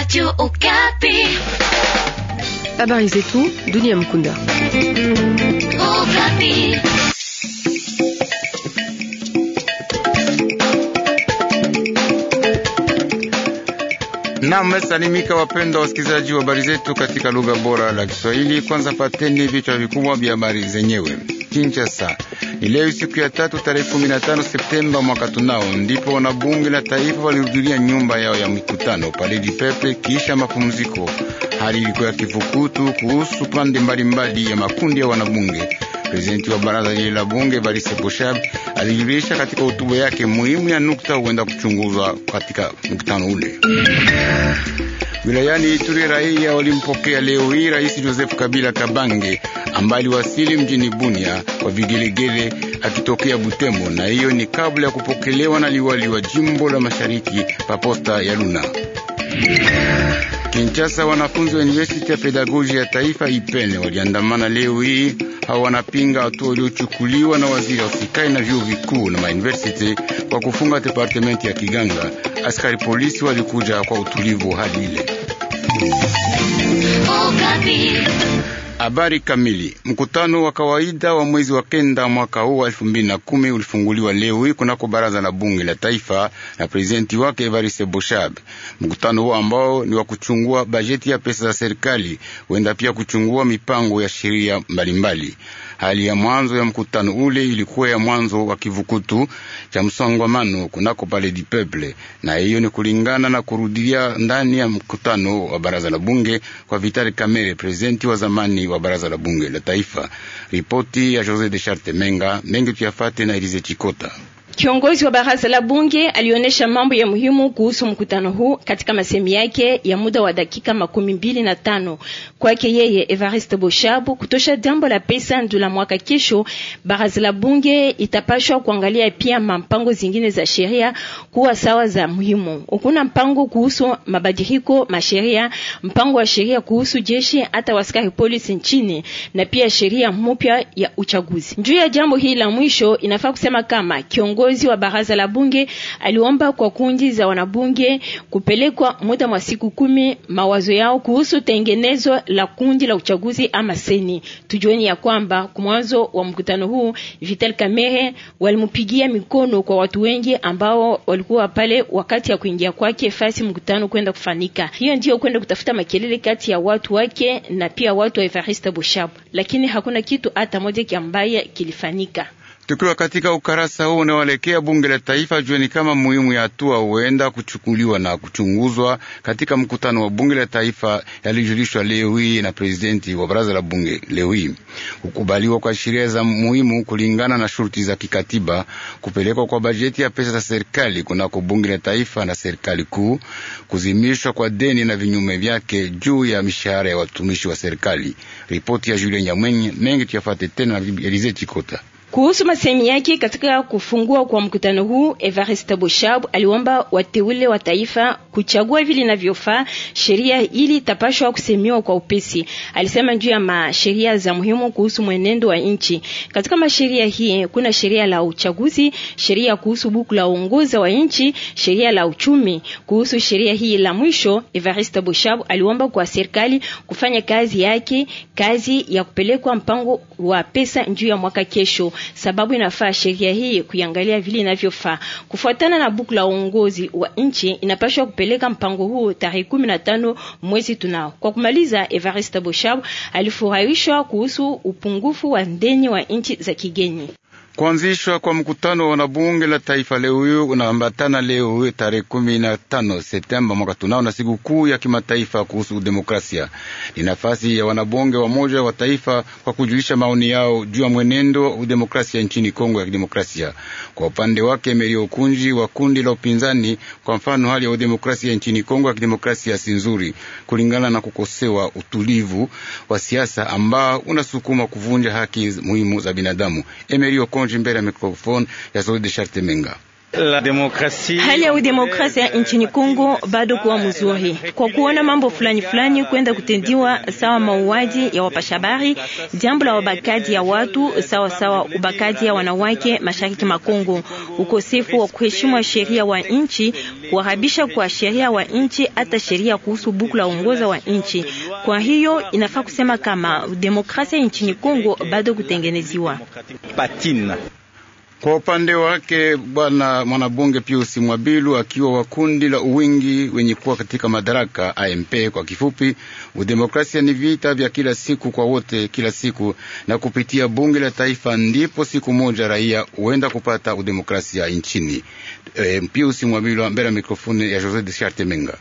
Radio Okapi. Habari zetu dunia mkunda. Okapi. Na mmesalimika wapenda wasikilizaji wa habari zetu katika lugha bora la Kiswahili. Kwanza pateni vichwa vikubwa vya habari zenyewe. Kinshasa. Ni leo siku ya tatu tarehe tano Septemba mwaka tunao, ndipo wanabunge la taifa walihudhuria nyumba yao ya mikutano pale pepe kisha mapumziko. Hali ilikuwa ya kivukutu kuhusu pande mbalimbali ya makundi ya wanabunge. Prezidenti wa baraza lile la bunge Barisa Boshab alijulisha katika hotuba yake muhimu ya nukta huenda kuchunguzwa katika mkutano ule wilayani Ituri. Raia walimpokea leo hii Rais Joseph Kabila Kabange ambaye aliwasili mjini Bunia kwa vigelegele akitokea Butembo, na hiyo ni kabla ya kupokelewa na liwali wa jimbo la mashariki pa posta ya Luna. Kinshasa, wanafunzi wa University ya Pedagoji ya Taifa Ipene e, waliandamana leo hii. Hao wanapinga hatua iliyochukuliwa na waziri ausikai na vyuo vikuu na mauniversity kwa kufunga departementi ya Kiganga. Askari polisi walikuja kwa utulivu hadi ile oh, Habari kamili. Mkutano wa kawaida wa mwezi wa kenda mwaka huu wa elfu mbili na kumi ulifunguliwa leo hii kunako baraza la bunge la taifa na prezidenti wake Evariste Boshab. Mkutano huo ambao ni wa kuchungua bajeti ya pesa za serikali huenda pia kuchungua mipango ya sheria mbalimbali. Hali ya mwanzo ya mkutano ule ilikuwa ya mwanzo wa kivukutu cha msongamano kunako Palais du Peuple, na hiyo ni kulingana na kurudia ndani ya mkutano wa baraza la bunge kwa vital Kamere, prezidenti wa zamani wa baraza la bunge la taifa. Ripoti ya Jose de Charte Menga mengi tuyafate na Elize Chikota. Kiongozi wa baraza la bunge alionyesha mambo ya muhimu kuhusu mkutano huu katika masemi yake ya muda wa dakika makumi mbili na tano. Kwake yeye Evariste Boshabu, kutosha jambo la pesa ndu la mwaka kesho, baraza la bunge itapashwa kuangalia pia mpango zingine za sheria kuwa sawa za muhimu. Ukuna mpango kuhusu mabadiliko masheria, mpango wa sheria kuhusu jeshi hata waskari polisi nchini, na pia sheria mpya ya uchaguzi. Juu ya jambo hili la mwisho, inafaa kusema kama kiongozi kiongozi wa baraza la bunge aliomba kwa kundi za wanabunge kupelekwa muda mwa siku kumi mawazo yao kuhusu tengenezo la kundi la uchaguzi ama seni. Tujueni ya kwamba kwa mwanzo wa mkutano huu Vital Kamerhe walimpigia mikono kwa watu wengi ambao walikuwa pale wakati ya kuingia kwake fasi mkutano kwenda kufanika. Hiyo ndiyo kwenda kutafuta makelele kati ya watu wake na pia watu wa Evariste Boshab, lakini hakuna kitu hata moja kiambaye kilifanyika. Tukiwa katika ukarasa huu unaoelekea bunge la taifa, jueni kama muhimu ya hatua huenda kuchukuliwa na kuchunguzwa katika mkutano wa bunge la taifa yalijulishwa leo hii na presidenti wa baraza la bunge leo hii, kukubaliwa kwa sheria za muhimu kulingana na shurti za kikatiba, kupelekwa kwa bajeti ya pesa za serikali kunako bunge la taifa na serikali kuu, kuzimishwa kwa deni na vinyume vyake juu ya mishahara ya watumishi wa serikali. Ripoti ya Julien Nyamwenye mengi tuyafate tena na Elizeti kuhusu masemi yake katika kufungua kwa mkutano huu, Evariste Boshab aliomba wateule wa taifa kuchagua vile inavyofaa sheria ili tapashwa kusemiwa kwa upesi. Alisema juu ya masheria za muhimu kuhusu mwenendo wa nchi. Katika masheria hii kuna sheria la uchaguzi, sheria kuhusu buku la uongozi wa nchi, sheria la uchumi. Kuhusu sheria hii la mwisho, Evariste Boshab aliomba kwa serikali kufanya kazi yake, kazi ya kupelekwa mpango wa pesa juu ya mwaka kesho sababu inafaa sheria hii kuiangalia vile inavyofaa. Kufuatana na buku la uongozi wa nchi, inapaswa kupeleka mpango huu tarehe na tano mwezi tunao. Kwa kumaliza, Evariste Boshab alifurahishwa kuhusu upungufu wa ndeni wa nchi za kigeni. Kuanzishwa kwa mkutano wa wanabunge la taifa leo hiyo unaambatana leo tarehe kumi na tano Septemba mwaka tunao na sikukuu ya kimataifa kuhusu demokrasia. Ni nafasi ya wanabunge wa moja wa taifa kwa kujulisha maoni yao juu ya mwenendo wa demokrasia nchini Kongo ya Kidemokrasia. Kwa upande wake, Meri Okunji wa kundi la upinzani, kwa mfano, hali ya demokrasia nchini Kongo ya Kidemokrasia si nzuri kulingana na kukosewa utulivu wa siasa ambao unasukuma kuvunja haki muhimu za binadamu. mji mbele ya mikrofoni ya Saudi Sharti Minga. Hali ya udemokrasia nchini Kongo bado kuwa mzuri, kwa kuona mambo fulani fulani kwenda kutendiwa sawa, mauaji ya wapashabari, jambo la wabakaji ya watu sawa sawa, ubakaji ya wanawake mashariki ma Kongo, ukosefu wa kuheshimu sheria wa nchi, kuharibisha kwa sheria wa nchi, hata sheria kuhusu buku la uongoza wa nchi. Kwa hiyo inafaa kusema kama demokrasia nchini Kongo bado kutengeneziwa Patina. Kwa upande wake bwana mwanabunge Pius Mwabilu akiwa wa kundi la uwingi wenye kuwa katika madaraka AMP kwa kifupi, udemokrasia ni vita vya kila siku kwa wote kila siku, na kupitia bunge la taifa ndipo siku moja raia huenda kupata udemokrasia nchini. E, Pius Mwabilu mbele ya mikrofoni ya Jose Desharte Menga.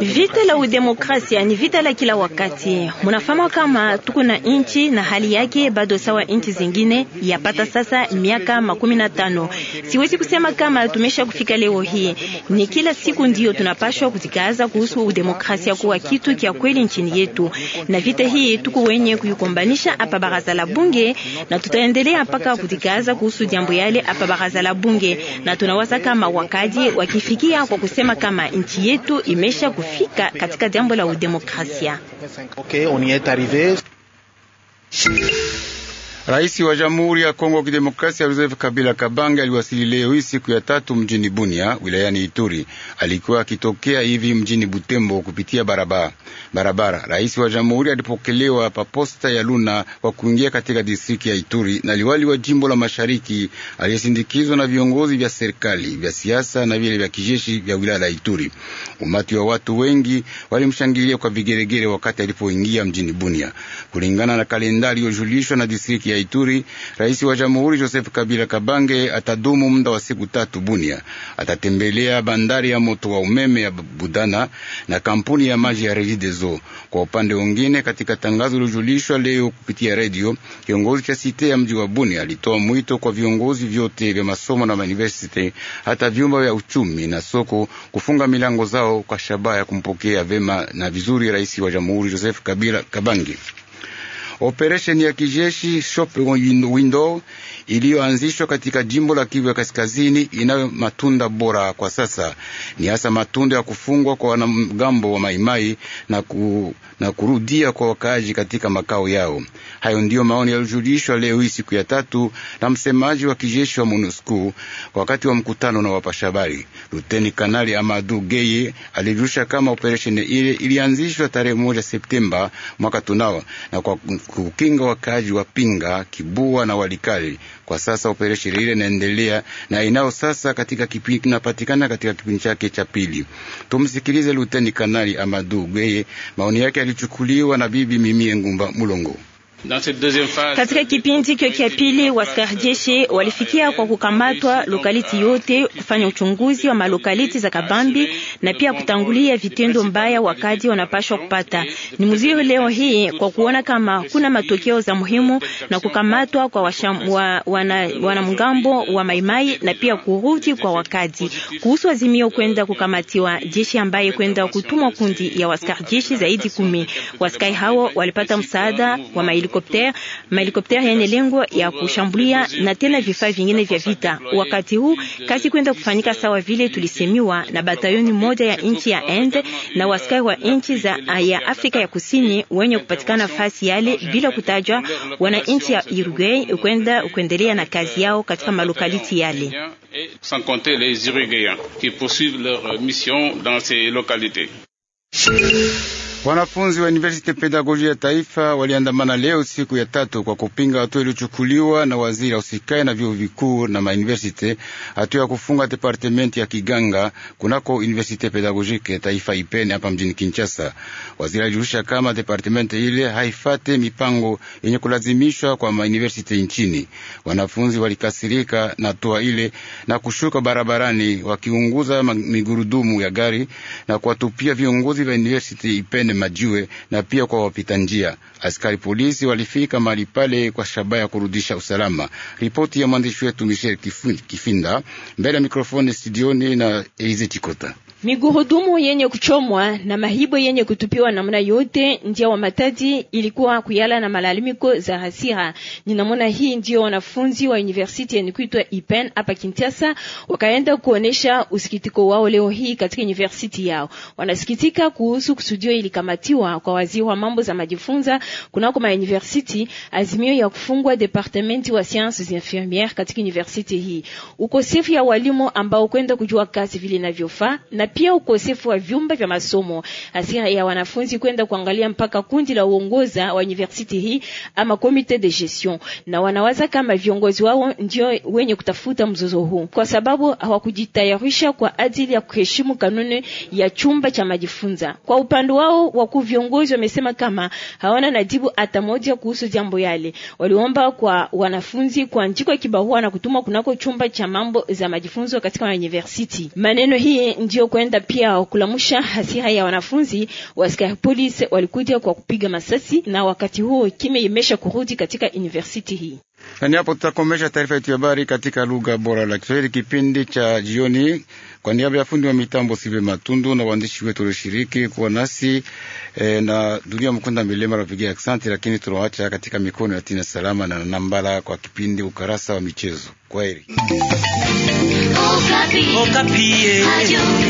Vita la udemokrasia ni vita la kila wakati. Munafahamu kama tuko na nchi na hali yake bado sawa nchi zingine, yapata sasa miaka makumi na tano. Siwezi kusema kama tumesha kufika leo hii. Ni kila siku ndiyo tunapashwa kuzikaza kuhusu udemokrasia kuwa kitu kya kweli nchini yetu, na vita hii tuko wenye kuikombanisha hapa baraza la bunge, na tutaendelea mpaka kuzikaza kuhusu jambo yale hapa baraza la bunge, na tunawaza kama wakaji wakifikia kwa kusema kama nchi yetu imesha kufika katika jambo la udemokrasia. Okay, Rais wa Jamhuri ya Kongo Kidemokrasia Joseph Kabila Kabange aliwasili leo hii siku ya tatu mjini Bunia wilayani Ituri. Alikuwa akitokea hivi mjini Butembo kupitia barabara barabara. Rais wa Jamhuri alipokelewa pa posta ya Luna kwa kuingia katika distriki ya Ituri na liwali wa jimbo la Mashariki aliyesindikizwa na viongozi vya serikali vya siasa na vile vya kijeshi vya wilaya la Ituri. Umati wa watu wengi walimshangilia kwa vigeregere wakati alipoingia mjini Bunia kulingana na kalendari iliyojulishwa na distriki ya Ituri, rais wa jamhuri Joseph Kabila Kabange atadumu muda wa siku tatu Bunia. Atatembelea bandari ya moto wa umeme ya Budana na kampuni ya maji ya Regideso. Kwa upande wengine, katika tangazo lilojulishwa leo kupitia redio, kiongozi cha site ya mji wa Bunia alitoa mwito kwa viongozi vyote vya masomo na university, hata vyumba vya uchumi na soko kufunga milango zao kwa shabaha ya kumpokea vema na vizuri rais wa jamhuri Joseph Kabila Kabange. Operesheni ya kijeshi Shop Window iliyoanzishwa katika jimbo la Kivu ya Kaskazini inayo matunda bora kwa sasa, ni hasa matunda ya kufungwa kwa wanamgambo wa Maimai na, ku, na kurudia kwa wakaaji katika makao yao. Hayo ndiyo maoni yaliyojulishwa leo hii siku ya tatu na msemaji wa kijeshi wa MONUSCO wakati wa mkutano na wapashabari. Luteni Kanali Amadu Geye alijulisha kama operesheni ile ilianzishwa tarehe moja Septemba mwaka tunao na kwa kukinga wakaji wa Pinga, Kibua na Walikali. Kwa sasa operesheni ile inaendelea na inao sasa katika kipindi kinapatikana katika kipindi chake cha pili. Tumsikilize Luteni Kanali Amadu Gweye, maoni yake yalichukuliwa na Bibi Mimie Ngumba Mulongo. Katika kipindi hicho cha pili, waskari jeshi walifikia kwa kukamatwa lokaliti yote, kufanya uchunguzi wa malokaliti za Kabambi na pia kutangulia vitendo mbaya wakati wanapashwa kupata. Ni mzio leo hii kwa kuona kama kuna matokeo za muhimu na kukamatwa kwa wanamgambo wa, wa, wa Maimai na pia kurudi kwa wakati. Kuhusu azimio kwenda kukamatiwa jeshi ambaye kwenda kutumwa kundi ya waskari jeshi zaidi kumi, waskari hao walipata msaada wa maili helikopter, mahelikopter yaani lengo ya kushambulia na tena vifaa vingine vya vita. Wakati huu kazi kwenda kufanyika sawa vile tulisemiwa na batayoni moja ya nchi ya Ende na waskari wa nchi za ya Afrika ya Kusini wenye kupatikana fasi yale bila kutajwa, wana nchi ya Uruguay kwenda kuendelea na kazi yao katika malokaliti yale. Sans compter les Uruguayens qui poursuivent leur mission dans ces localités. Wanafunzi wa university Pedagoji ya Taifa waliandamana leo siku ya tatu kwa kupinga hatua iliyochukuliwa na waziri ausikae na vyuo vikuu na mauniversite, hatua ya kufunga departementi ya kiganga kunako Universite Pedagogike Taifa Ipene hapa mjini Kinshasa. Waziri alijulisha kama departementi ile haifate mipango yenye kulazimishwa kwa mauniversite nchini. Wanafunzi walikasirika na hatua ile na kushuka barabarani wakiunguza migurudumu ya gari na kuwatupia viongozi vya Universite Ipene wapande majiwe na pia kwa wapita njia. Askari polisi walifika mahali pale kwa shabaha ya kurudisha usalama. Ripoti ya mwandishi wetu Michel Kifinda mbele ya mikrofoni studioni na Elize Chikota. Migurudumu yenye kuchomwa na mahibo yenye kutupiwa namna yote, njia wa Matadi ilikuwa kuyala na malalamiko za hasira. Ninamona hii ndio wanafunzi wa university yenye kuitwa Ipen hapa Kinshasa wakaenda kuonesha usikitiko wao leo hii katika university yao. Wanasikitika kuhusu kusudio ilikamatiwa kwa waziri wa mambo za majifunza kunako ma university azimio ya kufungwa department wa sciences infirmières katika university hii. Ukosefu ya walimu ambao kwenda kujua kazi vile inavyofaa na pia ukosefu wa vyumba vya masomo. Hasira ya wanafunzi kwenda kuangalia mpaka kundi la uongoza wa university hii ama komite de gestion, na wanawaza kama viongozi wao ndio wenye kutafuta mzozo huu, kwa sababu hawakujitayarisha kwa ajili ya kuheshimu kanuni ya chumba cha majifunza. Kwa upande wao, wakuu viongozi wamesema kama hawana najibu hata moja kuhusu jambo yale. Waliomba kwa wanafunzi kuandikwa kibarua na kutumwa kunako chumba cha mambo za majifunzo katika university. Maneno hii ndio kwa kwenda pia kulamusha hasira ya wanafunzi. Waskari polisi walikuja kwa kupiga masasi, na wakati huo kime imesha kurudi katika university hii. Na ni hapo tutakomesha taarifa yetu ya habari katika lugha bora la Kiswahili, kipindi cha jioni. Kwa niaba ya fundi wa mitambo Sibe Matundu na waandishi wetu walioshiriki kuwa nasi eh, na dunia Mkunda Milema rapigia aksanti, lakini tunawaacha katika mikono ya Tina Salama na Nambala kwa kipindi ukarasa wa michezo. Kwaheri. Oh,